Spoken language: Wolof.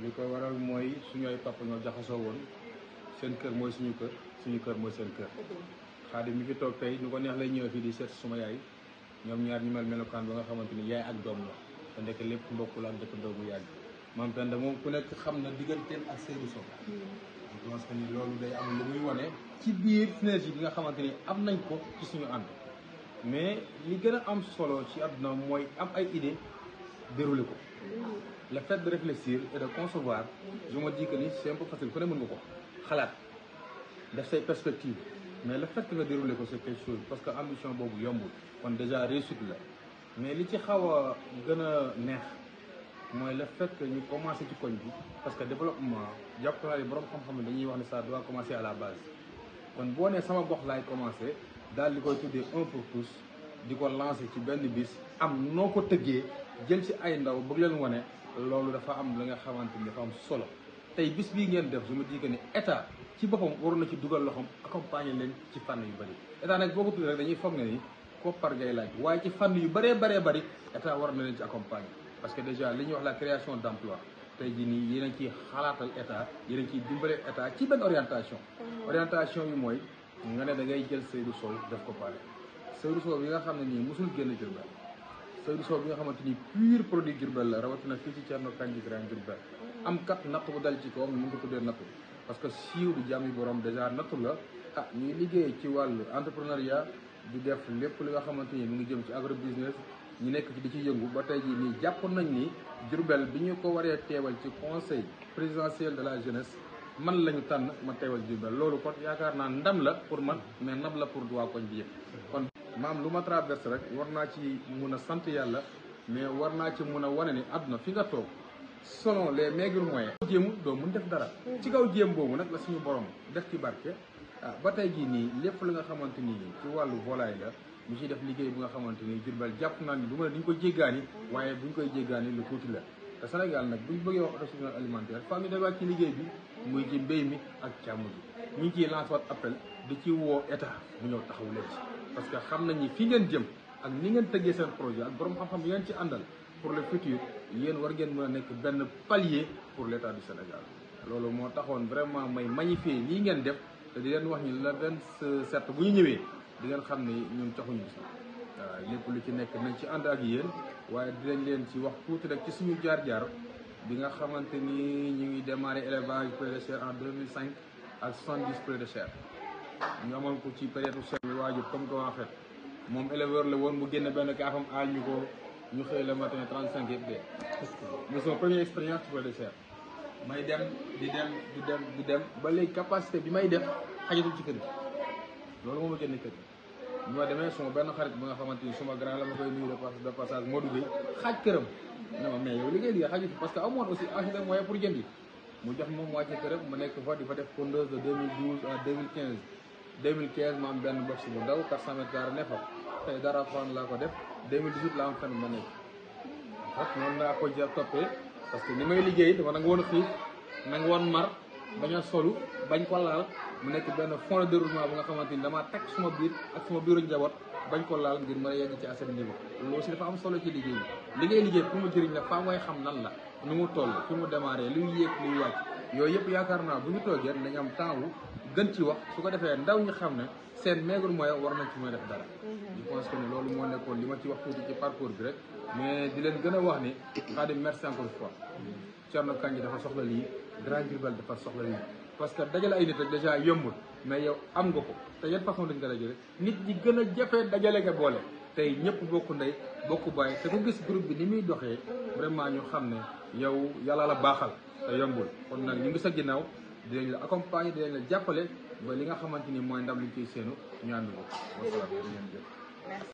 li ko waral mooy suñu ay papa ñoo jaxasoo woon seen kër mooy suñu kër suñu kër mooy seen kër xaadim mi fi toog tey ñu ko neex lay ñëwee di seet suma yaay ñoom ñaar ñu mel melokaan ba nga xamante ni yaay ak doom la nekk lépp mbokk la dëkkandoo bu yàgg maam Penda moom ku nekk xam na digganteem ak Seydou Sow je loolu day am lu muy wane ci biir synergie bi nga xamante ni am nañ ko ci suñu ànd mais li gën a am solo ci àdduna mooy am ay idée dérouler le fait de réfléchir et de concevoir je me dis que ni c'est un peu facile ku ne mon nga ko xalaat perspectives mais le fait que le dérouler ko c'est quelque chose parce que ambition boobu yombul kon déjà réussi là. mais li ci est plus gën neex le fait que nous commençons ci koñ parce que développement jàpp naa ne borom xam-xam dañuy wax ça doit commencer à la base kon boo nee sama gox laay commencer daal di un pour tous di ko lancer ci benn bis am un ko jël si ay ndaw bëgg leen wane loolu dafa am la nga xamante ni dafa am solo tey bis bii ngeen def je ma dis que ne état ci boppam waroon na ci dugal loxoom accompagner leen ci fànn yu bëri état nag boo ko tudd rek dañuy foog ne ni koppar ngay laaj waaye ci fànn yu bëree bëree bëri état war na leen ci accompagner parce que déjà li ñuy wax la création d' tey ji nii yéen a ngi xalaatal état yéen a ngi ciy dimbale état ci benn orientation mm-hmm. orientation bi mooy nga ne da ngay jël Seydou Sow def ko pare Seydou Sow bi nga xam ne nii mosul génn Diourbel Seydou Sow bi nga xamante ni pur produit Diourbel la rawatina fii ci Thierno Kandji Grand Diourbel am kat natt bu dal ci kawam mu ngi ko tuddee natt parce que siiw bi jaam yi borom dèjà natt la ah ñuy liggéey ci wàll entrepreneuriat di def lépp li nga xamante ni mu ngi jëm ci agro business ñu nekk ci di ci yëngu ba tey jii nii jàpp nañ ni Diourbel bi ñu ko waree teewal ci conseil présidentiel de la jeunesse man lañu tànn ma teewal Diourbel loolu kon yaakaar naa ndam la pour man mais ndam la pour waa koñ bi yëpp kon maam lu ma traverse rek war naa ci mun a sant yàlla mais war naa ci mun a wane ni àdduna fi nga toog sono les maigres moyens jéemu doo mun def dara ci kaw jéem boobu nag la suñu borom def ci barke ah, ba tey jii nii lépp la nga xamante ni ci wàllu volaille la mu ciy def liggéey bu nga xamante ni Diourbel jàpp naa ni du ma ne ni ko jéggaani waaye buñ koy jéggaani lu tuuti te sénégal nag buñ bëggee wax autosuffisance alimentaire femme yi dawaat liggéey bi muy ci mbéy mi ak appel di ci woo ya état mu ñëw taxaw leen ci parce que xam nañ ni fi ngeen jëm ak ni ngeen tëggee seen projet ak borom xam-xam yi ci àndal pour le futur yéen war ngeen mën nekk benn palier pour l' du sénégal loolu moo vraiment may magnifier ngeen def te di leen wax ni la bu ñu di ngeen xam ñun si lépp lu ci nekk nañ ci ak waaye dinañ leen ci wax tuuti rek ci suñu jaar-jaar bi nga xamante ni ñu ngi démarré élevage poulet de chair en 2005 ak 70 poulet de chair ñu amoon ko ci période chair bi waajur comme que en fait moom éleveur la woon mu génne benn kaafam aal ñu ko ñu xëy le matin 35 yëpp dee. mais sama première expérience ci de chair may dem di dem di dem di dem ba léegi capacité bi may def xajatul ci kër loolu moo ma génne kër ñu demee suma benn xarit bi nga xamante ni suma grand la ma koy nuyu de passage Modou xaaj këram ne ma liggéey liggéey xaaju parce que amoon aussi ancien moyen pour jëndi mu jox moom wàcce këram ma nekk fa di fa def pondeuse de 2012 à am benn box bu ndaw 400 mètres carrés ne fa tey dara fan laa ko def 2018 la am fenn ma nekk ak noonu laa ko jël toppee parce que ni may liggéey dama nanga woon xiif nanga woon mar bañ a solu bañ ko laal mu nekk benn fond de déroulement bi nga xamante ni damaa takk suma biir ak suma biiru njaboot bañ ko laal ngir ma a yegg ci asset niveau loolu aussi dafa am solo ci liggéey bi li ngay liggéey pour mu jëriñ la faa ngay xam lan la nu mu toll fi mu démarré luy yéeg luy wàcc yooyu yëpp yaakaar naa bu ñu toogee dañ am temps wu gën wax su ko defee ndaw ñi xam ne seen maigre moyen war nañ ci mën a def dara mhm. loolu moo nekkoon li ma ci wax tuuti ci parcours bi rek mais di leen gën a wax ni Khadim merci encore une fois mhm. Thierno Kandji dafa soxla lii Grand Diourbel dafa soxla nit parce que dajale ay nit rek dèjà mais yow am nga ko te yan façon dañ ko dajale nit ñi gën a jafe dajale nga boole tey ñëpp bokk ndey bokk bàyyi te ku gis groupe bi ni muy doxee vraiment ñu xam ne yow yàlla la baaxal te yombul kon nag ñu ngi sa ginnaaw dinañ la accompagner dinañ la jàppale ba li nga xamante ni mooy ndam lu ciy seenu ñu ànd ko wasalaam